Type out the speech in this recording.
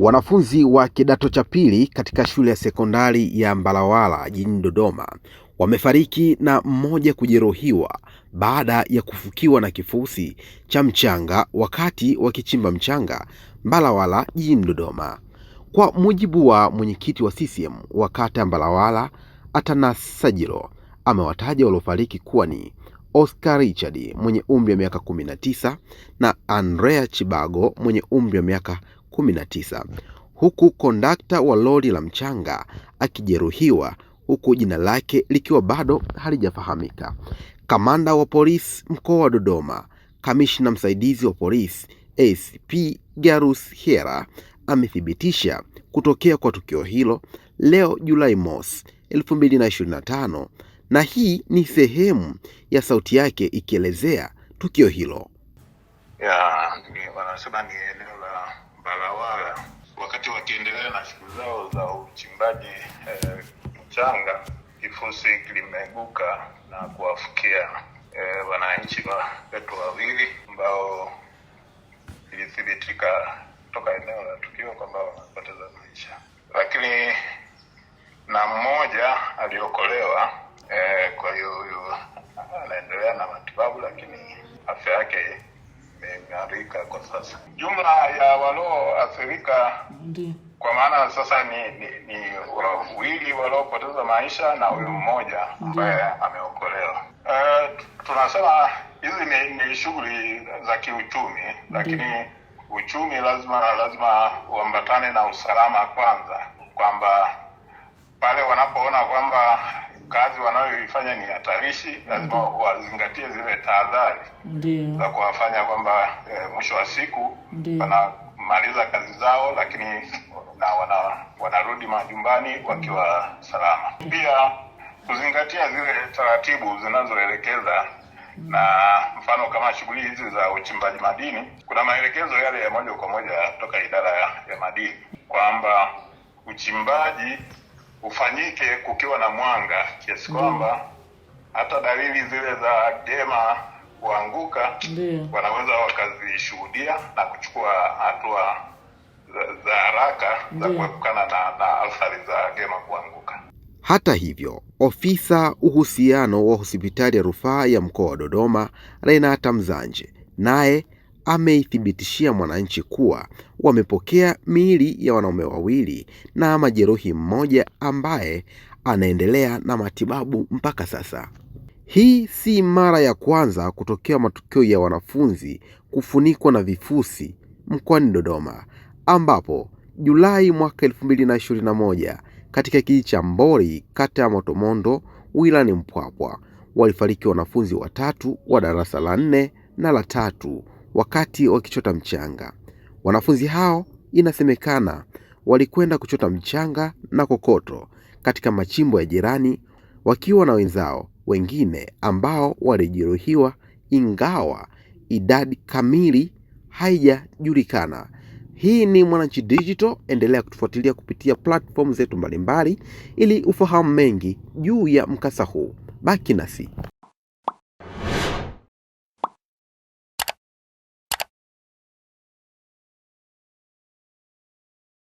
Wanafunzi wa kidato cha pili katika shule ya sekondari ya Mbalawala jijini Dodoma wamefariki na mmoja kujeruhiwa baada ya kufukiwa na kifusi cha mchanga wakati wakichimba mchanga Mbalawala jijini Dodoma. Kwa mujibu wa mwenyekiti wa CCM wa kata ya Mbalawala, Atanas Sajilo amewataja waliofariki kuwa ni Oscar Richard mwenye umri wa miaka kumi na tisa na Andrea Chibago mwenye umri wa miaka 19 huku kondakta wa lori la mchanga akijeruhiwa huku jina lake likiwa bado halijafahamika. Kamanda wa polisi mkoa wa Dodoma, kamishna msaidizi wa polisi ACP Garus hera amethibitisha kutokea kwa tukio hilo leo Julai mosi 2025 na hii ni sehemu ya sauti yake ikielezea tukio hilo. Yeah, Mbalawala wakati wakiendelea na shughuli zao za uchimbaji eh, mchanga, kifusi kilimeguka na kuwafikia eh, wananchi wetu wawili ambao ilithibitika toka eneo la tukio kwamba wamepoteza maisha, lakini na mmoja aliokolewa eh, kwa hiyo walioathirika kwa maana sasa ni ni, ni wawili waliopoteza maisha na huyu mm. mmoja ambaye ameokolewa. E, tunasema hizi ni, ni shughuli za kiuchumi, lakini uchumi lazima lazima uambatane na usalama kwanza, kwamba pale wanapoona kwamba kazi wanayoifanya ni hatarishi, lazima wazingatie zile tahadhari za kuwafanya kwamba e, mwisho wa siku kumaliza kazi zao, lakini na wana, wanarudi majumbani wakiwa salama. Pia kuzingatia zile taratibu zinazoelekeza na mfano kama shughuli hizi za uchimbaji madini, kuna maelekezo yale ya moja kwa moja kutoka idara ya madini kwamba uchimbaji ufanyike kukiwa na mwanga, kiasi kwamba hata dalili zile za dema kuanguka wanaweza wakazishuhudia na kuchukua hatua za, za haraka za kuepukana na, na athari za gema kuanguka. Hata hivyo, ofisa uhusiano wa hospitali ya rufaa ya mkoa wa Dodoma Renata Mzanje naye ameithibitishia Mwananchi kuwa wamepokea miili ya wanaume wawili na majeruhi mmoja ambaye anaendelea na matibabu mpaka sasa. Hii si mara ya kwanza kutokea matukio ya wanafunzi kufunikwa na vifusi mkoani Dodoma ambapo Julai mwaka elfu mbili na ishirini na moja katika kijiji cha Mbori kata ya Motomondo wilani Mpwapwa walifariki wanafunzi watatu wa darasa la nne na la tatu wakati wakichota mchanga. Wanafunzi hao inasemekana walikwenda kuchota mchanga na kokoto katika machimbo ya jirani wakiwa na wenzao wengine ambao walijeruhiwa ingawa idadi kamili haijajulikana. Hii ni Mwananchi Digital, endelea kutufuatilia kupitia platform zetu mbalimbali ili ufahamu mengi juu ya mkasa huu. Baki nasi.